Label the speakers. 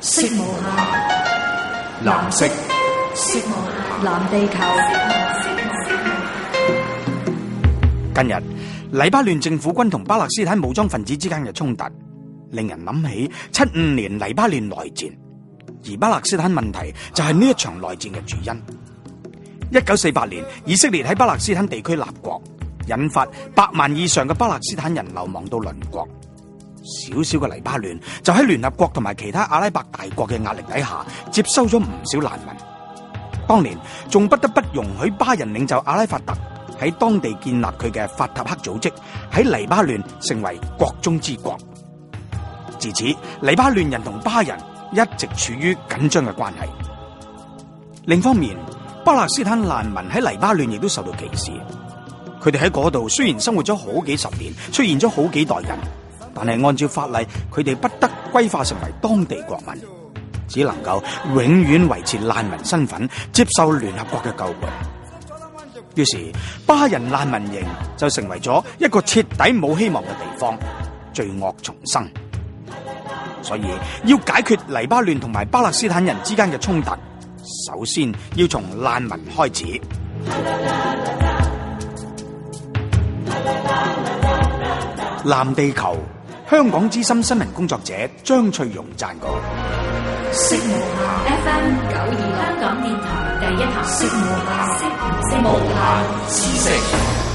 Speaker 1: 色無藍色。色無藍地球。近日，黎巴嫩政府軍同巴勒斯坦武裝分子之間嘅衝突，令人諗起七五年黎巴嫩內戰，而巴勒斯坦問題就係呢一場內戰嘅主因。一九四八年，以色列喺巴勒斯坦地區立國，引發百萬以上嘅巴勒斯坦人流亡到鄰國。小小嘅黎巴嫩就喺聯合國同埋其他阿拉伯大國嘅壓力底下，接收咗唔少難民。當年仲不得不容許巴人領袖阿拉法特喺當地建立佢嘅法塔赫組織，喺黎巴嫩成為國中之國。自此，黎巴嫩人同巴人一直處於緊張嘅關係。另一方面，巴勒斯坦難民喺黎巴嫩亦都受到歧視。佢哋喺嗰度雖然生活咗好幾十年，出現咗好幾代人。但係按照法例，佢哋不得歸化成為當地國民，只能夠永遠維持難民身份，接受聯合國嘅救援。於是巴人難民營就成為咗一個徹底冇希望嘅地方，罪惡重生。所以要解決黎巴嫩同埋巴勒斯坦人之間嘅衝突，首先要從難民開始。藍地球。香港資深新聞工作者張翠容撰稿：識無限 FM 九二六香港電台第一台識無限識識無限知識。